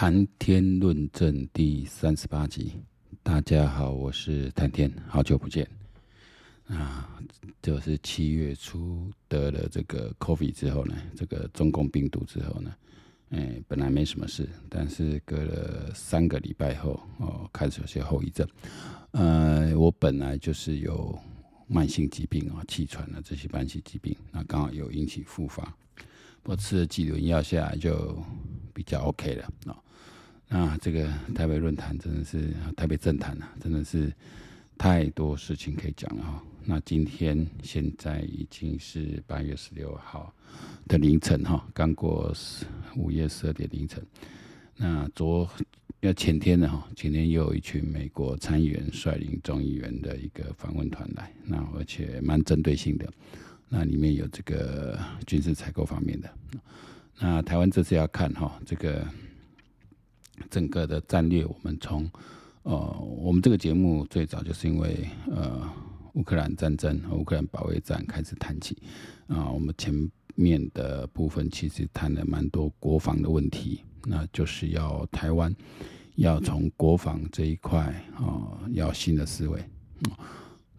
談天論政第三十八集，大家好，我是談天，好久不見啊！就是七月初得了這個 COVID 之後呢，這個中共病毒之後呢，哎、欸，本來沒什麼事，但是隔了三個禮拜後，哦，開始有些後遺症。呃，我本來就是有慢性疾病啊，氣、哦、喘啊這些慢性疾病，那剛好又引起復發，我吃了幾輪藥下來就比較 OK 了啊。哦啊，那這個台北論壇真的是台北政壇啊，真的是太多事情可以講了哈、喔。那今天現在已經是八月十六號的凌晨哈、喔，剛過午夜十二點凌晨。那昨要前天的、喔、哈，前天又有一群美國參議員率領眾議員的一個訪問團來，那而且蠻針對性的，那裡面有這個軍事採購方面的。那台灣這次要看哈、喔，這個。整個的戰略，我們從呃，我們這個節目最早就是因為呃，烏克蘭戰爭、和烏克蘭保衛戰開始談起啊、呃。我們前面的部分其實談了蠻多國防的問題，那就是要台灣要從國防這一塊啊、呃，要新的思維、呃。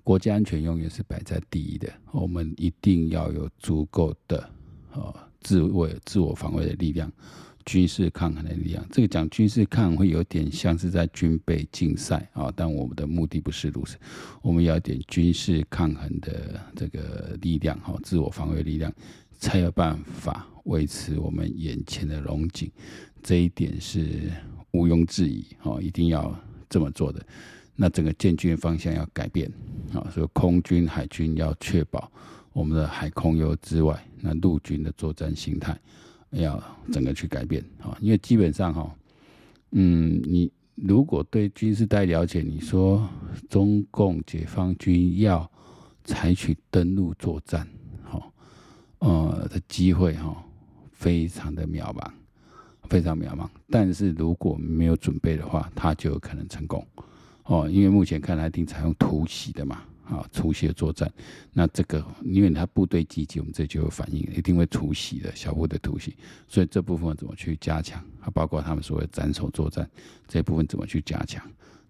國家安全永遠是擺在第一的，我們一定要有足夠的呃，自衛、自我防衛的力量。軍事抗衡的力量，這個講軍事抗衡會有點像是在軍備競賽啊，但我們的目的不是如此，我們要點軍事抗衡的這個力量哈，自我防衛力量，才有辦法維持我們眼前的榮景，這一點是毋庸置疑哦，一定要這麼做的。那整個建軍方向要改變啊，所以空軍、海軍要確保我們的海空優之外，那陸軍的作戰形態。要整個去改變，好，因為基本上哈，嗯，你如果對軍事帶了解，你說中共解放軍要採取登陸作戰，好，呃的機會哈，非常的渺茫，非常渺茫。但是如果沒有準備的話，他就有可能成功，哦，因為目前看來一定採用突襲的嘛。啊，突襲作戰，那這個因為他部隊集結，我們這就有反應，一定會突襲的，小部隊突襲，所以這部分怎麼去加強？還包括他們所謂斬首作戰這部分怎麼去加強？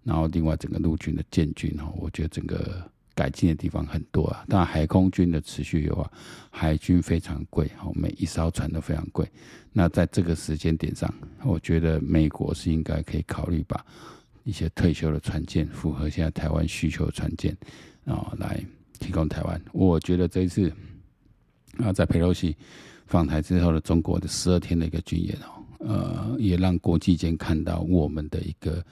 然後另外整個陸軍的建軍哦，我覺得整個改進的地方很多啊。當然海空軍的持續優化，海軍非常貴，好，每一艘船都非常貴。那在這個時間點上，我覺得美國是應該可以考慮把一些退休的船艦，符合現在台灣需求的船艦。啊，來提供台灣。我覺得這一次啊，在佩洛西訪台之後的中國的十二天的一個軍演哦，呃，也讓國際間看到我們的一個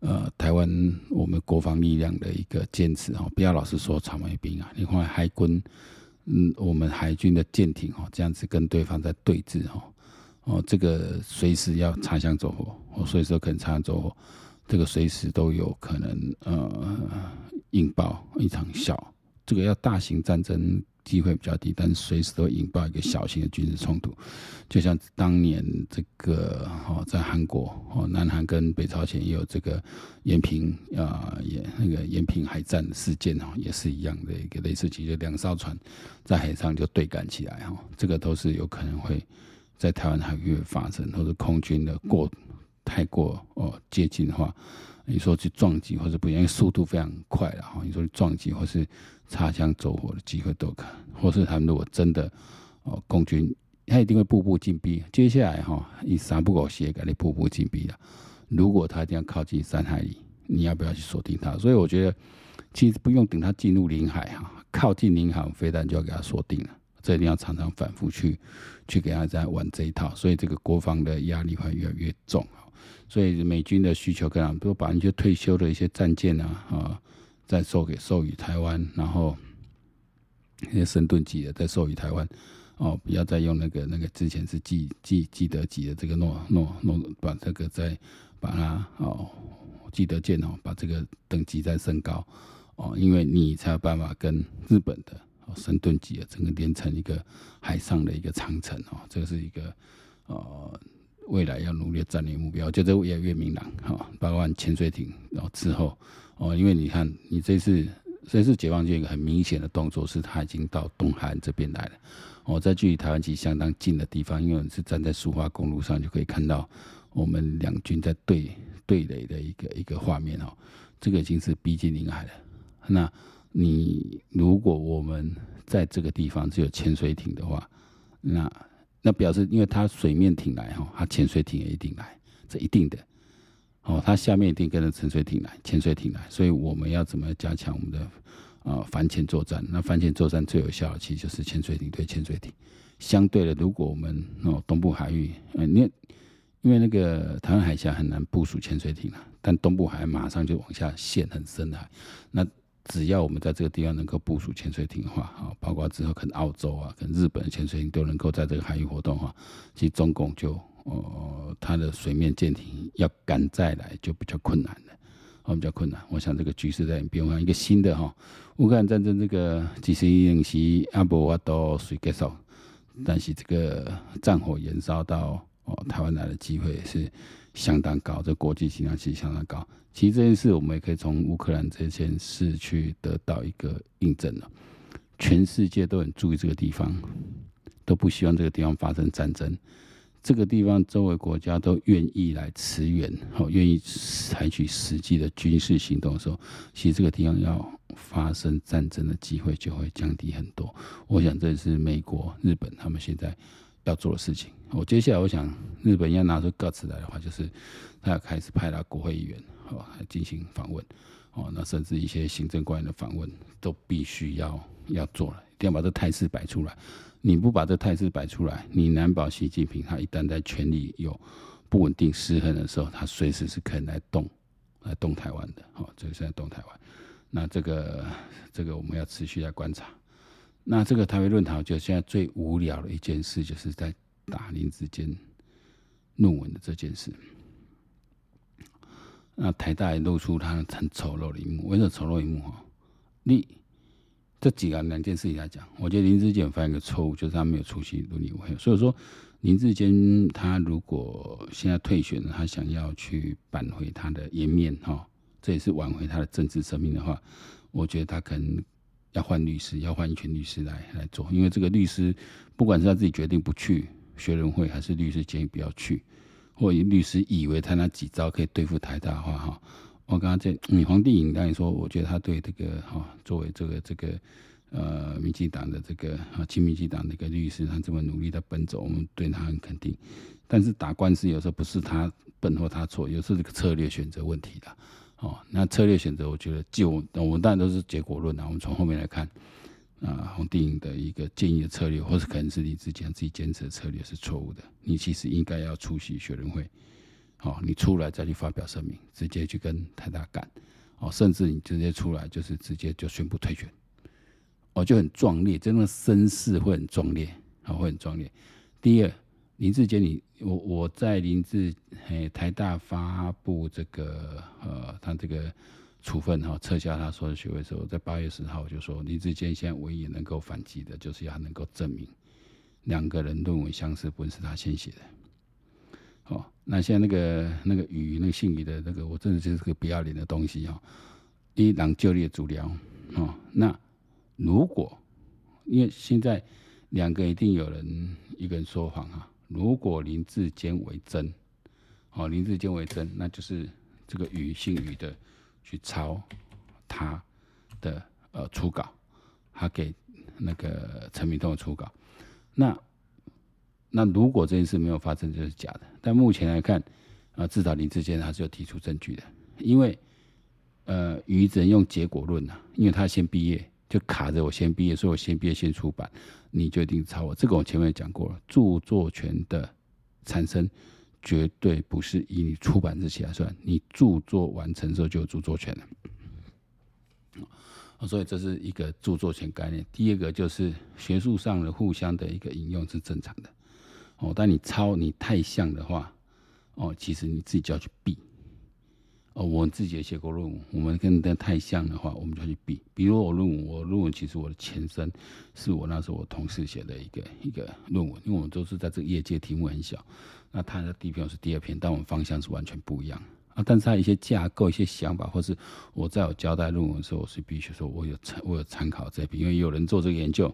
呃台灣我們國防力量的一個堅持哦。不要老是說草莓兵啊，你看海軍，嗯，我們海軍的艦艇哦，這樣子跟對方在對峙哦，哦，這個隨時要擦槍走火，哦，隨時可能擦槍走火。這個隨時都有可能呃引爆一場小，這個要大型戰爭機會比較低，但是隨時都引爆一個小型的軍事衝突，就像當年這個哦在韓國哦南韓跟北朝鮮也有這個延平啊、呃、也那個延平海戰的事件哦也是一樣的一個類似，其實兩艘船在海上就對幹起來哦，這個都是有可能會在台灣海域發生，或者空軍的過，嗯太過哦接近的話，你說去撞擊或是不行，因為速度非常快了哈。你說你撞擊或是擦槍走火的機會都可能，或是他們如果真的哦共軍，他一定會步步緊逼。接下來哈，以三不狗鞋給你步步緊逼了。如果他一定要靠近三海里，你要不要去鎖定他？所以我覺得其實不用等他進入領海哈，靠近領海飛彈就要給他鎖定了。這一定要常常反覆去，去給他在玩這一套，所以這個國防的壓力會越來越重啊。所以美軍的需求各樣，都把一些退休的一些戰艦啊啊、呃，再售給授予台灣，然後那些神盾級的再授予台灣，哦，不要再用那個那個之前是紀紀紀德級的這個諾諾諾，諾，把這個再把它哦紀德艦哦，把這個等級再升高哦，因為你才有辦法跟日本的。深神盾級啊，整個連成一個海上的一個長城哦，這個是一個呃未來要努力戰略目標，就這個越來越明朗哈，包括潛水艇然後之後哦，因為你看你這次這次解放軍一個很明顯的動作是，他已經到東海岸這邊來了哦，在距離台灣基相當近的地方，因為你是站在蘇花公路上就可以看到我們兩軍在對對壘的一個一個畫面哦，這個已經是逼近領海了，那。你如果我們在這個地方只有潛水艇的話，那那表示，因為它水面艇來哈，它潛水艇也一定來，這一定的哦，它下面一定跟着潛水艇來，潛水艇來，所以我們要怎麼加強我們的啊反潛作戰？那反潛作戰最有效的其實就是潛水艇對潛水艇。相對的，如果我們哦東部海域，嗯、欸，因為因為那個台灣海峽很難部署潛水艇啊，但東部海馬上就往下陷很深啊，那。只要我們在這個地方能夠部署潛水艇的話，好，包括之後可能澳洲啊、跟日本潛水艇都能夠在這個海域活動的話，其實中共就哦他、呃、的水面艦艇要敢再來就比較困難了，好、哦，比較困難。我想這個局勢在變，變，一個新的哈，烏克蘭戰爭這個其實也是阿波瓦都雖結束，但是這個戰火燃燒到哦台灣來的機會是相當高，這國際形象其實相當高。其實這件事，我們也可以從烏克蘭這件事去得到一個印證了、啊。全世界都很注意這個地方，都不希望這個地方發生戰爭。這個地方周圍國家都願意來馳援，好、哦，願意採取實際的軍事行動的時候，其實這個地方要發生戰爭的機會就會降低很多。我想這是美國、日本他們現在要做的事情。我、哦、接下來我想，日本要拿出 guts 來的話，就是他要開始派他國會議員。哦，還進行訪問，哦，那甚至一些行政官員的訪問都必須要要做了，一定要把這態勢擺出來。你不把這態勢擺出來，你難保習近平他一旦在權力有不穩定失衡的時候，他隨時是可以來動來動台灣的。好、哦，這個現在動台灣，那這個這個我們要持續來觀察。那這個台灣論壇就現在最無聊的一件事，就是在打林智堅論文的這件事。那台大也露出他很醜陋的一幕，為什麼醜陋一幕哈。你這幾個兩件事情來講，我覺得林智堅犯一個錯誤，就是他沒有出席倫理會。所以說，林智堅他如果現在退選，他想要去挽回他的顏面哈，這也是挽回他的政治生命的話，我覺得他可能要換律師，要換一群律師來來做，因為這個律師不管是他自己決定不去學倫會，還是律師建議不要去。或以律師以為他那幾招可以對付台大的話哈，我剛剛在黃帝影當然說，我覺得他對這個哈，作為這個這個呃民進黨的這個啊親民進黨的一個律師，他這麼努力的奔走，我們對他很肯定。但是打官司有時候不是他笨或他錯，有時候這個策略選擇問題的。哦，那策略選擇，我覺得就我們當然都是結果論啊，我們從後面來看。啊，紅電影的一個建議的策略，或是可能是林智堅自己堅持的策略是錯誤的。你其實應該要出席學倫會，好、哦，你出來再去發表聲明，直接去跟台大幹，哦，甚至你直接出來就是直接就宣布退選，哦，就很壯烈，真的聲勢會很壯烈，啊、哦，會很壯烈。第二，林智堅，你我我在林志誒台大發布這個呃，他這個。處分哈、哦，撤銷他所有的學位之後，在八月十號就說，林智堅現在唯一能夠反擊的，就是要能夠證明兩個人論文相似，不是他先寫的。哦，那現在那個那個余，那個姓余的那個，我真的就是個不要臉的東西啊、哦！一朗就列主僚啊、哦。那如果因為現在兩個一定有人一個人說謊啊，如果林智堅為真，哦，林智堅為真，那就是這個余姓余的。去抄他的呃初稿，他給那個陳明通的初稿，那那如果這件事沒有發生，就是假的。但目前來看，啊、呃，至少林智堅他是有提出證據的，因為呃，於只能用結果論啊，因為他先畢業，就卡着我先畢業，所以我先畢業先出版，你就一定抄我，這個我前面講過了，著作權的產生。絕對不是以你出版日期來算，你著作完成之後就有著作權了。哦，所以這是一個著作權概念。第二個就是學術上的互相的一個引用是正常的，哦，但你抄你太像的話，哦，其實你自己就要去避。哦，我自己也寫過論文，我們跟人家太像的話，我們就去比。比如我論文，我論文其實我的前身是我那時候我同事寫的一個一個論文，因為我們都是在這個業界題目很小，那他的第一篇我是第二篇，但我們方向是完全不一樣啊。但是他一些架構、一些想法，或是我在我交代論文的時候，我是必須說我有參，我有參考這篇，因為有人做這個研究，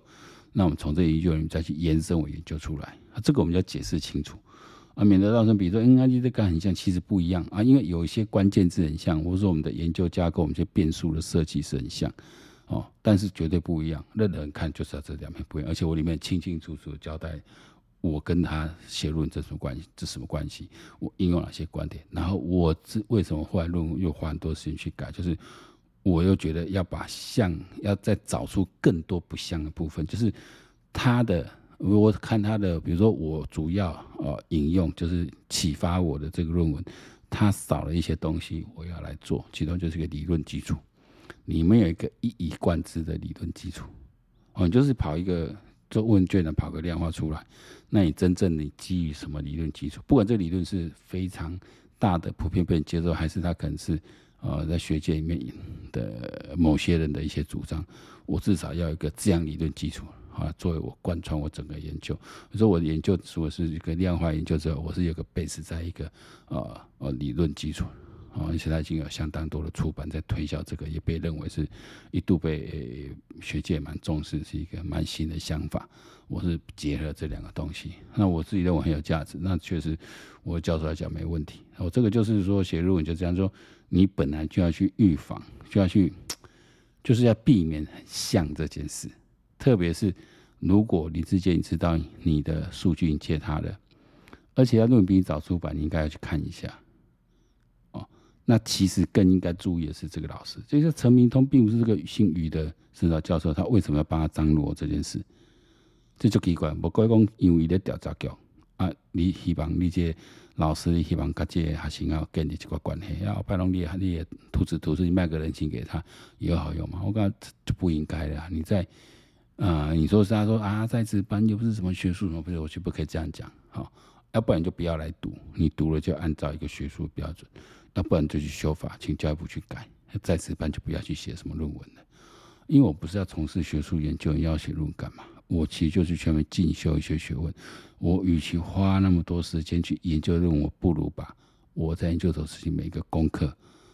那我們從這個研究裡面再去延伸我研究出來，啊，這個我們要解釋清楚。啊，免得到時候比，比如說 n i g 這個很像，其實不一樣啊，因為有一些關鍵字很像，或者說我們的研究架構、我們一些變數的設計是很像哦，但是絕對不一樣。任何人看就是要這兩邊不一樣，而且我裡面清清楚楚的交代我跟他寫論這什麼關係，這什麼關係，我應用哪些觀點。然後我這為什麼後來論文又花很多時間去改，就是我又覺得要把像要再找出更多不像的部分，就是他的。我看他的，比如說我主要呃引用就是啟發我的這個論文，他少了一些東西，我要來做，其中就是一個理論基礎。你沒有一個一以貫之的理論基礎，哦，你就是跑一個做問卷的，跑個量化出來，那你真正你基於什麼理論基礎？不管這個理論是非常大的、普遍被人接受，還是他可能是呃在學界裡面的某些人的一些主張，我至少要一個這樣理論基礎。啊，作為我貫穿我整個研究，所以我的研究，我是一個量化研究者，我是有一個 base 在一個呃理論基礎，啊，現在已經有相當多的出版在推銷這個，也被認為是一度被學界蠻重視，是一個蠻新的想法。我是結合這兩個東西，那我自己認為很有價值，那確實我教授來講沒問題。我這個就是說寫論文就這樣說，你本來就要去預防，就要去，就是要避免像這件事。特別是，如果你之前知道你的數據借他的，而且他論文比你早出版，你應該要去看一下。哦，那其實更應該注意的是這個老師，所以說陳明通，並不是這個姓余的指導教授，他為什麼要幫他張羅這件事？這就奇怪。莫怪講，因為你在調查局啊，你希望你這老師你希望跟這些學生要建立這個關係，然後擺弄你你些圖紙圖紙，你賣個人情給他，有好用嗎？我講就不應該的，你在。呃，你說是他說啊，在職班又不是什麼學術什麼，我就不可以這樣講。好、哦，要不然就不要來讀，你讀了就按照一個學術標準。那不然就去修法，請教育部去改。在職班就不要去寫什麼論文了，因為我不是要從事學術研究，要寫論文幹嘛？我其實就是全面進修一些學問。我與其花那麼多時間去研究論文，我不如把我在研究所實習每個功課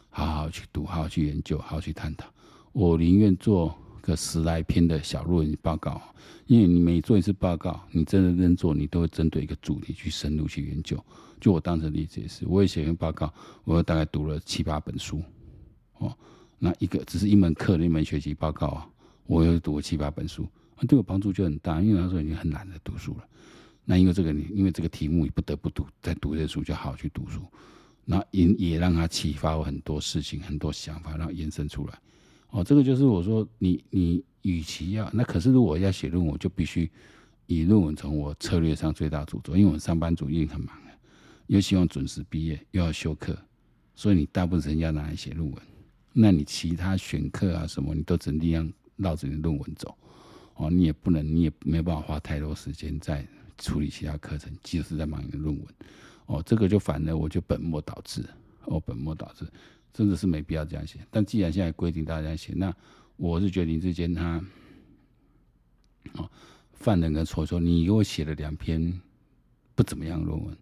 好,好好去讀，好好,好去研究，好,好好去探討。我寧願做。十來篇的小論文報告，因為你每做一次報告，你真的認真做，你都會針對一個主題去深入去研究。就我當時理解是，我也寫完報告，我有大概讀了七八本書，哦，那一個只是一門課的一門學習報告啊，我又讀了七八本書，那對我幫助就很大，因為那時候已經很懶得讀書了。那因為這個，你因為這個題目，你不得不讀，再讀一些書，就好好去讀書。那也也讓他啟發我很多事情，很多想法，讓延伸出來。哦，這個就是我說你你，與其要那可是如果要寫論文，我就必須以論文從我策略上最大著作，因為我上班族任很忙啊，又希望準時畢業，又要修課，所以你大部分時間要拿來寫論文，那你其他選課啊什麼，你都整定要繞着你的論文走，哦，你也不能，你也沒辦法花太多時間在處理其他課程，即使在忙你的論文，哦，這個就反了，我就本末倒置，哦，本末倒置。真的是沒必要這樣寫，但既然現在規定大家寫，那我是覺得，林智堅他，哦，犯了個錯。說你給我寫了兩篇不怎麼樣的論文，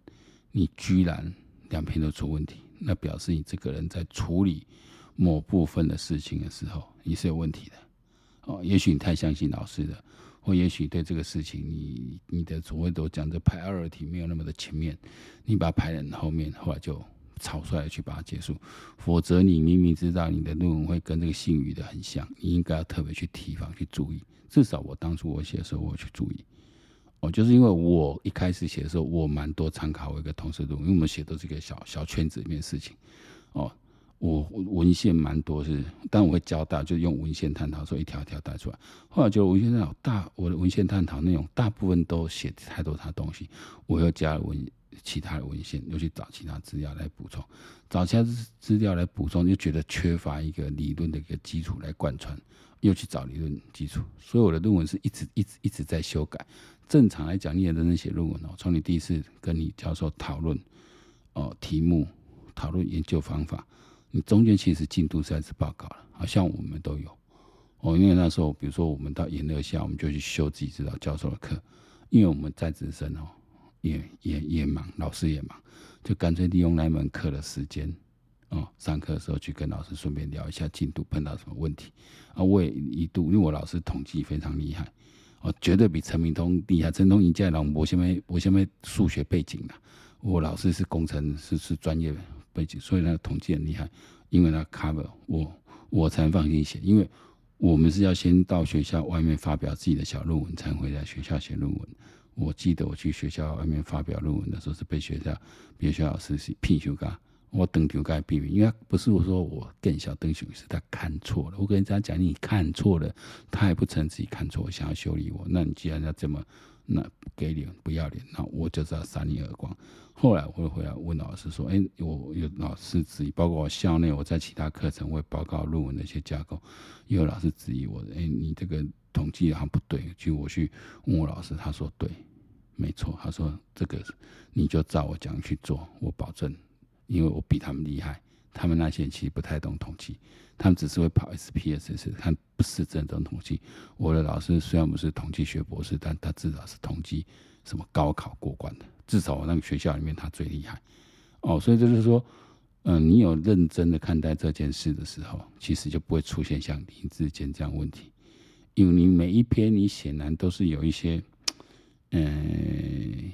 你居然兩篇都出問題，那表示你這個人在處理某部分的事情的時候，你是有問題的。哦，也許你太相信老師的，或也許對這個事情，你你的所謂都講的排二題沒有那麼的全面，你把它排在後面，後來就。草率去把它結束，否則你明明知道你的論文會跟這個姓余的很像，你應該要特別去提防、去注意。至少我當初我寫的時候，我去注意。哦，就是因為我一開始寫的時候，我蠻多參考我一個同事的，因為我們寫都是個小小圈子裡面的事情。哦，我文獻蠻多是，但我會交代，就用文獻探討說一條一條帶出來。後來就文獻探討大，我的文獻探討內容大部分都寫太多他的東西，我又加了文。其他的文獻又去找其他資料來補充，找其他資料來補充，又覺得缺乏一個理論的一個基礎來貫穿，又去找理論基礎。所以我的論文是一直一直一直在修改。正常來講，你也正在寫論文哦。從你第一次跟你教授討論哦題目，討論研究方法，你中間其實進度在是，是報告了，好像我們都有哦。因為那時候，比如說我們到研二下，我們就去修自己指導教授的課，因為我們在職生哦。也也也忙，老師也忙，就乾脆利用那門課的時間，哦，上課的時候去跟老師順便聊一下進度，碰到什麼問題。啊，我也一度，因為我老師統計非常厲害，哦，絕對比陳明通厲害。陳明通一進來，我現在我什麼數學背景的，我老師是工程師，是專業背景，所以那個統計很厲害。因為那 cover 我，我才放心寫，因為我們是要先到學校外面發表自己的小論文，才回來學校寫論文。我記得我去學校外面發表論文的時候，是被學校別學校老師是批評。我登求該批評，因為不是我說我更小登求，是他看錯了。我跟人家講，你看錯了，他還不承認自己看錯，我想要修理我。那你既然要這麼那不給臉不要臉，那我就要扇你耳光。後來我又回來問老師說，哎、欸，我有老師質疑，包括我校內我在其他課程會報告論文的一些架構，也有老師質疑我，哎、欸，你這個統計好像不對。就我去問我老師，他說對。沒錯，他說這個你就照我講去做，我保證，因為我比他們厲害。他們那些人其實不太懂統計，他們只是會跑 SPSS，看不是真正統計。我的老師雖然不是統計學博士，但他至少是統計什麼高考過關的，至少我那個學校裡面他最厲害。哦，所以就是說，嗯、呃，你有認真的看待這件事的時候，其實就不會出現像林智堅這樣的問題，因為你每一篇你顯然都是有一些。嗯，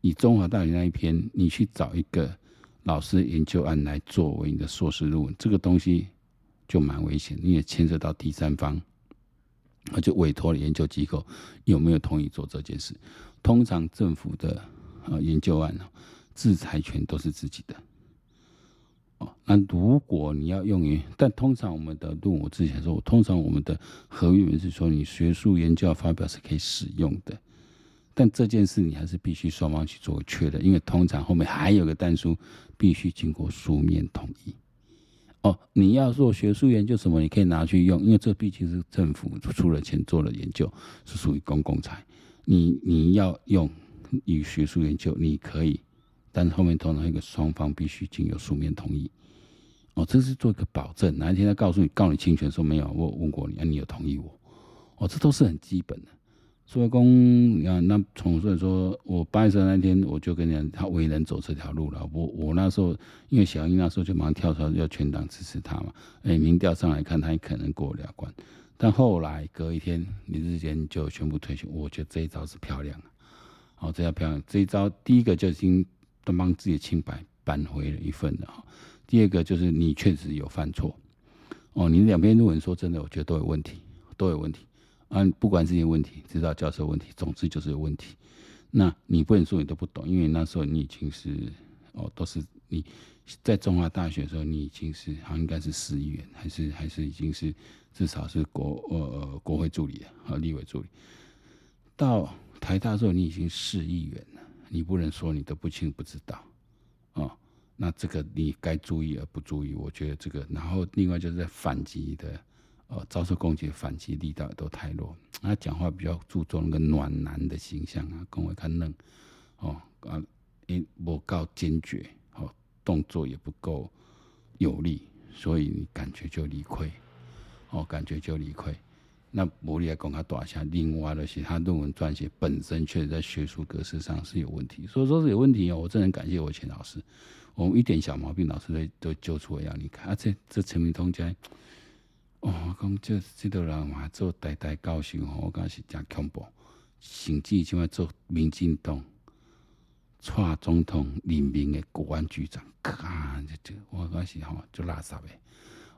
以、哎、中華大學那一篇，你去找一個老師研究案來作為你的碩士論文，這個東西就蠻危險，因為牽涉到第三方，而且委託的研究機構有沒有同意做這件事？通常政府的研究案，制裁權都是自己的。哦，那如果你要用於，但通常我們的，論文，我之前說，通常我們的合約文是說，你學術研究要發表是可以使用的。但這件事你還是必須雙方去做個確認，因為通常後面還有個單書，必須經過書面同意。哦，你要做學術研究什麼，你可以拿去用，因為這畢竟是政府出了錢做了研究，是屬於公共財。你你要用於學術研究，你可以，但後面通常一個雙方必須經由書面同意。哦，這是做一個保證，哪一天他告訴你告你侵權，說沒有我有問過你，你有同意我？哦，這都是很基本的。蘇公，你看，啊，那從所以說，我敗選那天我就跟你講，他唯一能走這條路了。我我那時候因為小英那時候就馬上跳出來要全黨支持他嘛，哎，欸，民調上來看他也可能過不了關，但後來隔一天，林智堅就宣布退選。我覺得這一招是漂亮啊，好，哦，這下漂亮。這一招第一個就已經都幫自己清白扳回了一份了，第二個就是你確實有犯錯，哦，你兩篇論文說真的，我覺得都有問題，都有問題。啊，不管這些問題，指導教授問題，總之就是有問題。那你不能說你都不懂，因為那時候你已經是哦，都是你在中華大學的時候，你已經是好像應該是市議員，還是還是已經是至少是國呃國會助理和立委助理。到台大的時候，你已經市議員了，你不能說你都不清不知道哦，那這個你該注意而不注意，我覺得這個。然後另外就是在反擊的。哦，遭受攻擊反擊力道也都太弱，他、啊、講話比較注重那個暖男的形象啊，跟我看嫩，哦啊，不夠堅決，哦，動作也不夠有力，所以你感覺就理虧，哦，感覺就理虧。那我也跟他講下，另外的是他論文撰寫本身確實在學術格式上是有問題，所以說是有問題哦。我真的很感謝我錢老師，我們一點小毛病，老師都都揪出來要你看，而且這陳明通竟哦，講即即多人嘛做代代教授，吼，我講是誠恐怖。甚至像碼做民進黨、蔡總統、任命誒國安局長，我講是吼做垃圾誒。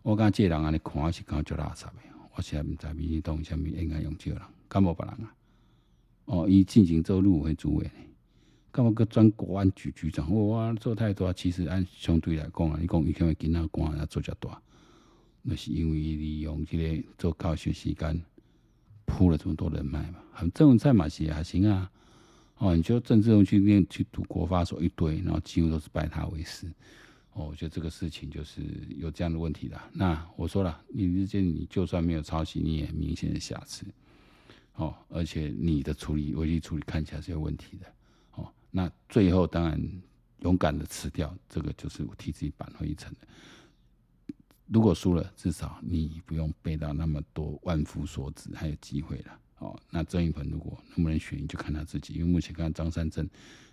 我講即個人安尼看我是敢做垃圾誒，我實毋知民進黨啥物應該用即這個人，敢無別人啊？哦，伊進前做陸委主委，敢無閣轉國安局局長。我講做太多，其實按相對來講啊，伊講伊天誒囡仔官要做較大。那是因為你用這個做高學習干鋪了這麼多人脈嘛？很正。在嘛是也行啊。哦，你說政治上去念去讀國發所一堆，然後幾乎都是拜他為師。哦，我覺得這個事情就是有這樣的問題的。那我說了，你之前你就算沒有抄襲，你也很明顯的瑕疵。哦，而且你的處理，危機處理看起來是有問題的。哦，那最後當然勇敢的辭掉，這個就是我替自己扳回一城的。如果輸了，至少你不用背到那麼多萬夫所指，還有機會了。哦，那鄭運鵬如果能不能選就看他自己。因為目前看張善政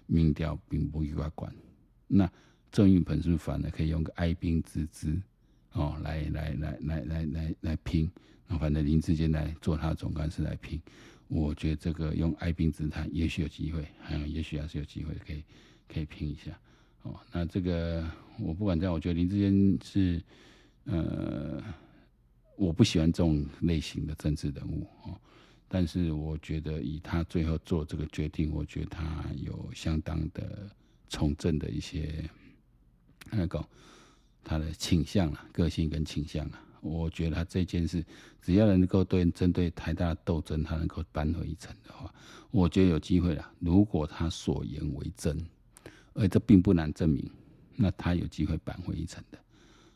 民調並不意外。管那鄭運鵬是反的，可以用個哀兵之姿，哦，來來來來來來來，來，來拼。那反正林智堅來做他總幹事來拼，我覺得這個用哀兵之嘆，也許有機會，嗯，也許還是有機會可以可以拼一下。哦，那這個我不管這樣，我覺得林智堅是。呃，我不喜歡這種類型的政治人物啊，但是我覺得以他最後做這個決定，我覺得他有相當的從政的一些那個他的傾向了、啊，個性跟傾向了、啊。我覺得他這件事只要能夠對針對台大的鬥爭，他能夠扳回一城的話，我覺得有機會了。如果他所言為真，而這並不難證明，那他有機會扳回一城的。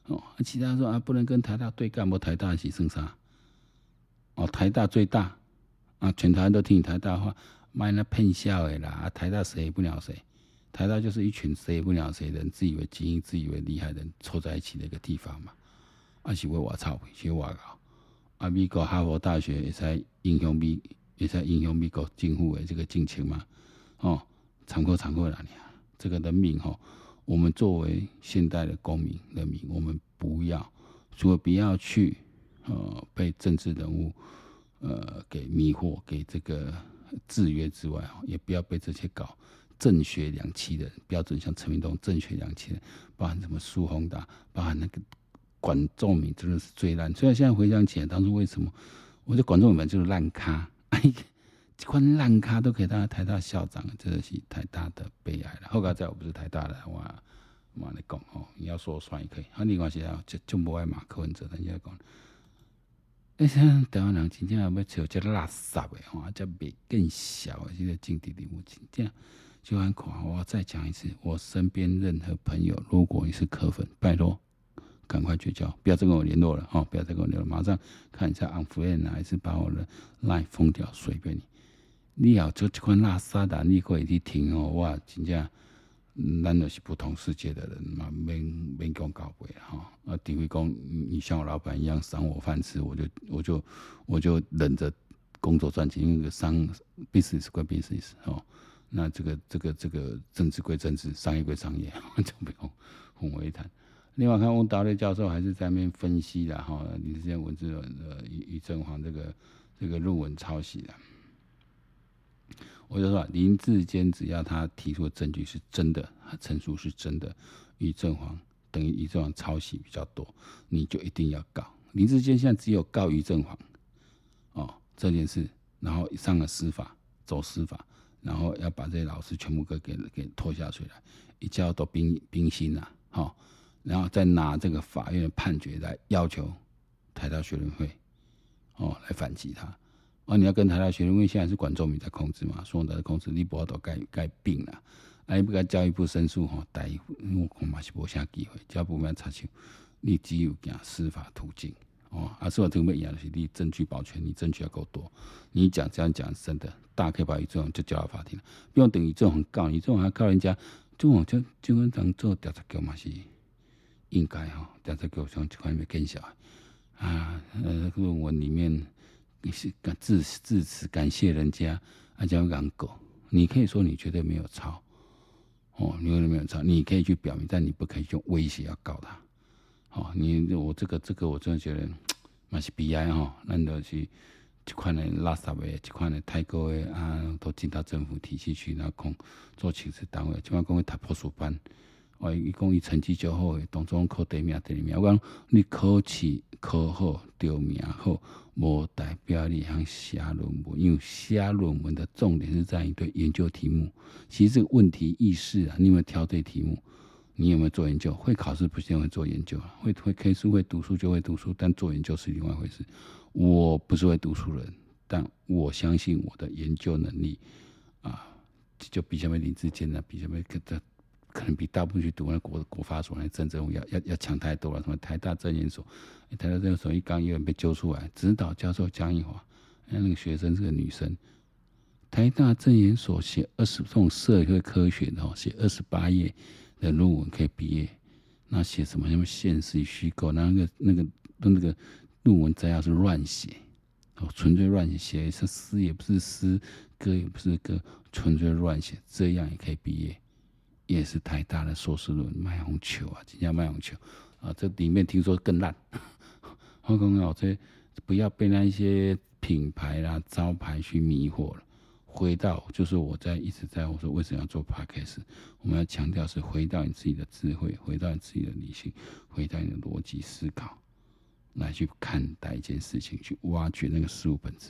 哦，其他說啊，不能跟台大對幹，無台大是算啥？哦，台大最大，啊，全台灣都聽台大話，買來噴笑的啦！啊，台大誰也不鳥誰，台大就是一群誰也不鳥誰的人，自以為精英，自以為厲害的人湊在一起的一個地方嘛。啊，是為我操，去我搞！啊，美國哈佛大學也在影響美，也在影響美國政府的這個政策嘛。哦，殘酷殘酷啦你啊，這個人民吼、哦。我們作為現代的公民人民，我們不要，除了不要去，呃，被政治人物，呃，給迷惑、給這個制約之外，也不要被這些搞政學兩棲的標準，像陳明通、政學兩棲的，包含什麼蘇宏達，包含那個管中閔，真的是最爛。雖然現在回想起來，當初為什麼我覺得管中閔就是爛咖。哎這款爛咖都可以當台大校長，真的是台大的悲哀了。好佳哉我不是台大的話，我來講哦，你要說我算也可以。好、啊，你講起啊，就就無愛罵柯文哲，咱就講。誒，一些台灣人真正要找這垃圾的話，喔，這袂見笑的，這個境地裡，我真正就安講，我再講一次，我身邊任何朋友，如果你是柯粉，拜托趕快絕交，不要再跟我聯絡了哦，喔，不要再跟我聯絡，馬上看一下 unfriend 還是把我的 line 封掉，隨便你。你要做這款垃圾的，你可以去聽哦。我真正，咱、嗯、都是不同世界的人嘛，免免講搞鬼哈。啊，除非講，你像我老板一樣賞我飯吃，我就我就我就忍着工作賺錢，因為生 business 歸 business 哦。那這個這個這個政治歸政治，商業歸商業，就不用混為一談。另外看翁達瑞教授還是在那邊分析的哈，你之前文字文呃與余正煌這個這個論文抄襲的。我就說林智堅，只要他提出的證據是真的，他陳述是真的，余正煌等於余正煌抄襲比較多，你就一定要告林智堅。現在只有告余正煌哦這件事，然後上了司法，走司法，然後要把這些老師全部給給拖下水了，一交到冰冰心了、啊、哦，然後再拿這個法院的判決來要求台大學倫會哦來反擊他。啊，你要跟台大學，因為現在是管中閔在控制嘛，雙德的控制，你不好躲改改變了，啊，你不該教育部申訴吼，代，因為看嘛是沒啥機會，教育部不要插手，你只有講司法途徑，哦、啊，司法途徑的是你證據保全，你證據要夠多，你講這樣講真的，大可以把這種就交到法，法庭，不用等於這種告，你這種還靠人家，這種就警方做調查局嘛是應該哈，調查局從這方面跟下來，啊，呃，論文裡面。你是敢自自此感謝人家，啊、人家養狗，你可以說你絕對沒有抄，哦，你為什麼沒有抄？你可以去表明，但你不可以用威脅要告他，哦，你我這個這個我真的覺得那是悲哀哦，那都去，去看那拉薩的，去看那泰國的啊，都進到政府體系去然後講做行政單位，就講去讀補習班。我伊講伊成績就好，當中考第一名、第二名。我講你考試考好、得名好，無代表你能寫論文。因為寫論文的重點是在於對研究題目。其實這個問題意識啊，你有沒有挑對題目？你有沒有做研究？會考試不見會做研究。會會開書會讀書就會讀書，但做研究是另外一回事。我不是會讀書人，但我相信我的研究能力啊，就比較面林智堅的，比較面個的。可能比大部分去讀那國國發所、那個、政治要要要強太多了。什麼台大政研所，欸、台大政研所一剛一被揪出來，指導教授江宜樺，那那個學生是個女生，台大政研所寫二十這種社會科學的哦，寫二十八頁的論文可以畢業。那寫什麼？什麼現實與虛構？那個、那個那個那那個論、那個、文摘要是亂寫，哦，純粹亂寫，寫是詩也不是詩，歌也不是歌，純粹亂寫，這樣也可以畢業。也是台大的碩士論賣紅球啊，人家賣紅球，啊，這裡面聽說更爛。黃工啊，這不要被那一些品牌啦、招牌去迷惑了，回到就是我在一直在我說為什麼要做 podcast，我們要強調是回到你自己的智慧，回到你自己的理性，回到你的邏輯思考，來去看待一件事情，去挖掘那個事物本質。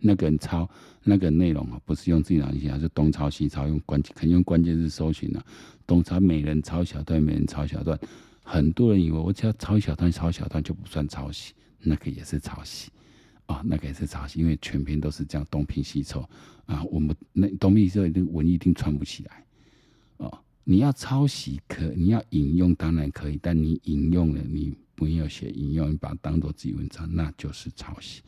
那個人抄那個內容啊，不是用自己的東西，是東抄西抄，用關鍵，可能用關鍵字搜尋了、啊，東抄每人抄小段，每人抄小段，很多人以為我只要抄一小段，抄一小段就不算抄襲，那個也是抄襲，啊、哦，那個也是抄襲，因為全篇都是這樣東拼西湊，啊，我們那東拼西湊那個文一定串不起來，哦，你要抄襲可，你要引用當然可以，但你引用了你沒有寫引用，你把它當做自己文章，那就是抄襲。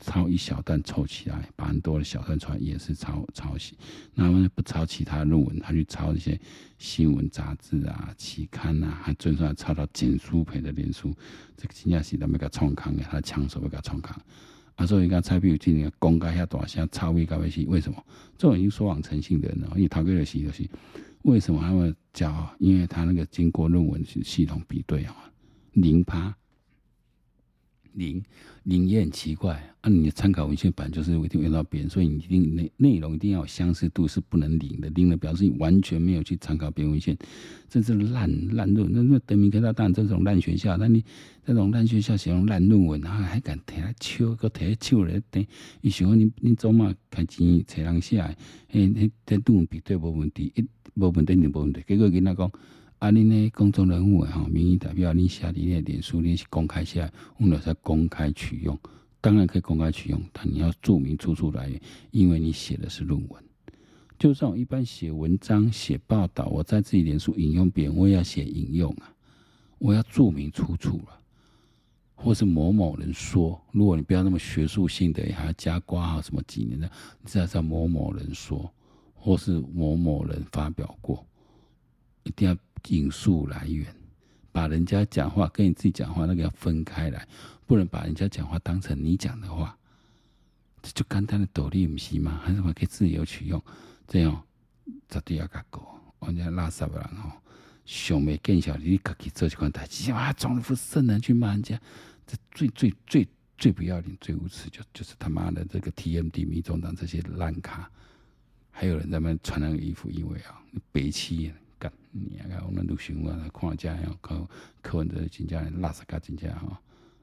抄一小段湊起來，把很多的小段串也是抄抄襲，那他們不抄其他論文，他去抄一些新聞雜誌啊、期刊啊，還總算還抄到簡舒培的臉書，這個真正是沒給他們個創刊的，他搶手會個創刊。啊，所以講蔡必友今年公開要大聲，抄維高維西，為什麼？這種已經說謊成性的人了，因為逃過了西就是。為什麼那麼驕，因為他那個經過論文系系統比對啊，零趴。零零也很奇怪，按、啊、你的參考文獻版就是一定用到別人，所以你一定內內容一定要有相似度，是不能零的。零了表示你完全沒有去參考別人文獻，這是爛爛論。那那德明科大當然這種爛學校，那你這種爛學校寫成爛論文，然後還敢提手，擱提手咧，等伊想講你你祖媽，開錢找人寫的，嘿，那那論文比對無問題，一無問題二無問題，結果伊那講。那你呢？公眾人物啊，民意代表，你寫的那臉書你是公開寫，我們公開取用。當然可以公開取用，但你要注明出處來源，因為你寫的是論文。就算我一般寫文章、寫報道，我在自己臉書引用別人，我也要寫引用啊，我要注明出處了啊。或是某某人說，如果你不要那麼學術性的，還要加括號什麼幾年的，你至少在某某人說，或是某某人發表過，一定要引述來源，把人家講話跟你自己講話那個要分開來，不能把人家講話當成你講的話。這就簡單的道理，唔是嘛。還是話可以自由取用，這樣、哦、絕對也夠。人家垃圾的人哦，想未見小你己做這，可可以做這款代誌哇，裝了副聖人去罵人家，這最最最最不要臉、最無恥、就是，就就是他媽的這個 TMD 民眾黨這些爛咖，還有人在那邊穿那個衣服，因為啊、哦，白癡。幹，人家講我們魯迅文，看家，這，柯柯文哲真正垃圾加真正哦，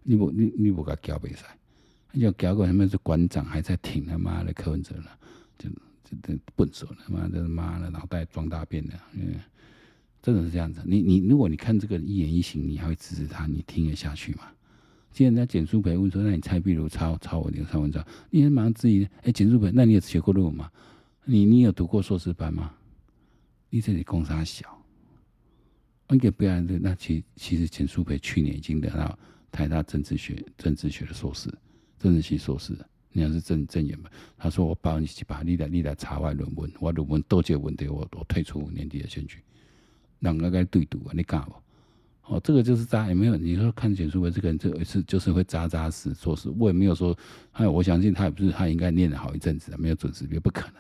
你無你你無甲教比賽，要教個他們是館長還在挺他媽的柯文哲呢，就就，就笨手，他媽的媽的腦袋裝大便的，嗯，真的是這樣子。你你如果你看這個一言一行，你還會支持他？你聽得下去嗎？既然人家簡舒培問說，那你蔡壁如抄抄我劉三文章，你蠻忙自的，哎、欸，簡舒培，那你有學過論文嗎？你你有讀過碩士班嗎？你這裡工沙小，你給不要那其實，其實簡舒培去年已經得到台大政治學政治學的碩士，政治系碩士，你要是真證言吧。他說我幫你之七八，立了立查外論文，我論文都結文得我我退出五年底的選舉，兩個該對賭啊，你敢不？哦，這個就是渣也沒有。你說看簡舒培這個人，就一次就是會渣紮實做事。我也沒有說，哎，我相信他也不是他應該念了好一陣子，沒有準時也不可能。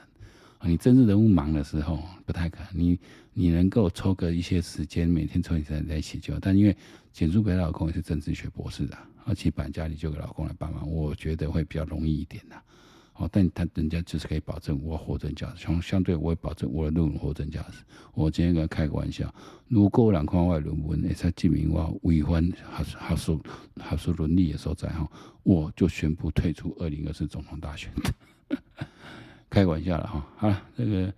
你政治人物忙的時候不太可能，你你能夠抽個一些時間，每天抽一些時間在一起就好。但因為簡舒培老公也是政治學博士的，而且本來家裡就給老公來幫忙，我覺得會比較容易一點的。好，但他人家就是可以保證我貨真價實，相相對我也保證我的論文貨真價實。我今天跟他開個玩笑，如果兩框外論文也證明我違反學學術學術倫理的時候在吼，我就宣布退出二零二四總統大選的。開玩笑了哈，好了，那個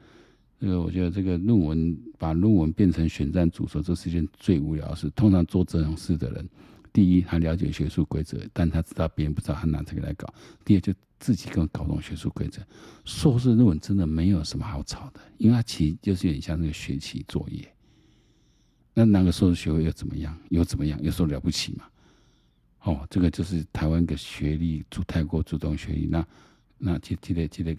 那個，這個，我覺得這個論文把論文變成選戰主說，這是一件最無聊的事。通常做這種事的人，第一他了解學術規則，但他知道別人不知道，他拿這個來搞；第二就自己根本搞不懂學術規則。碩士論文真的沒有什麼好吵的，因為他其實就是有點像那個學期作業。那哪個碩士學位又怎麼樣？又怎麼樣？有樣又說了不起嘛。哦，這個就是台灣的學歷就太過注重學歷，那那記記得記得。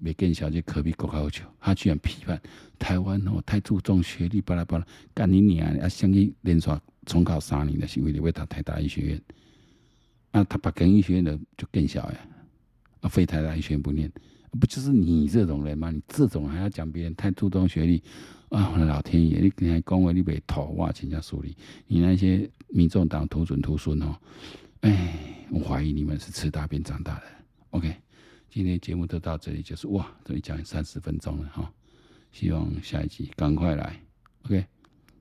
沒更小姐科比國考球，他居然批判台灣哦太注重學歷巴拉巴拉，幹你娘的！啊，像伊連啥重考三年的行為，你為他台大醫學院，啊，他把更醫學院的就更小呀，啊，啊，非台大醫學院不念，啊，不就是你這種人嗎？你這種還要講別人太注重學歷啊！我的老天爺，你跟他恭維你被頭哇，全家樹立，你那些民眾黨徒子徒孫哦，哎，我懷疑你們是吃大便長大的，OK。今天節目就到這裡，結束，哇，終於講三十分鐘了哈。希望下一集趕快來，嗯，OK？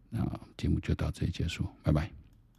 那節目就到這裡結束，拜拜。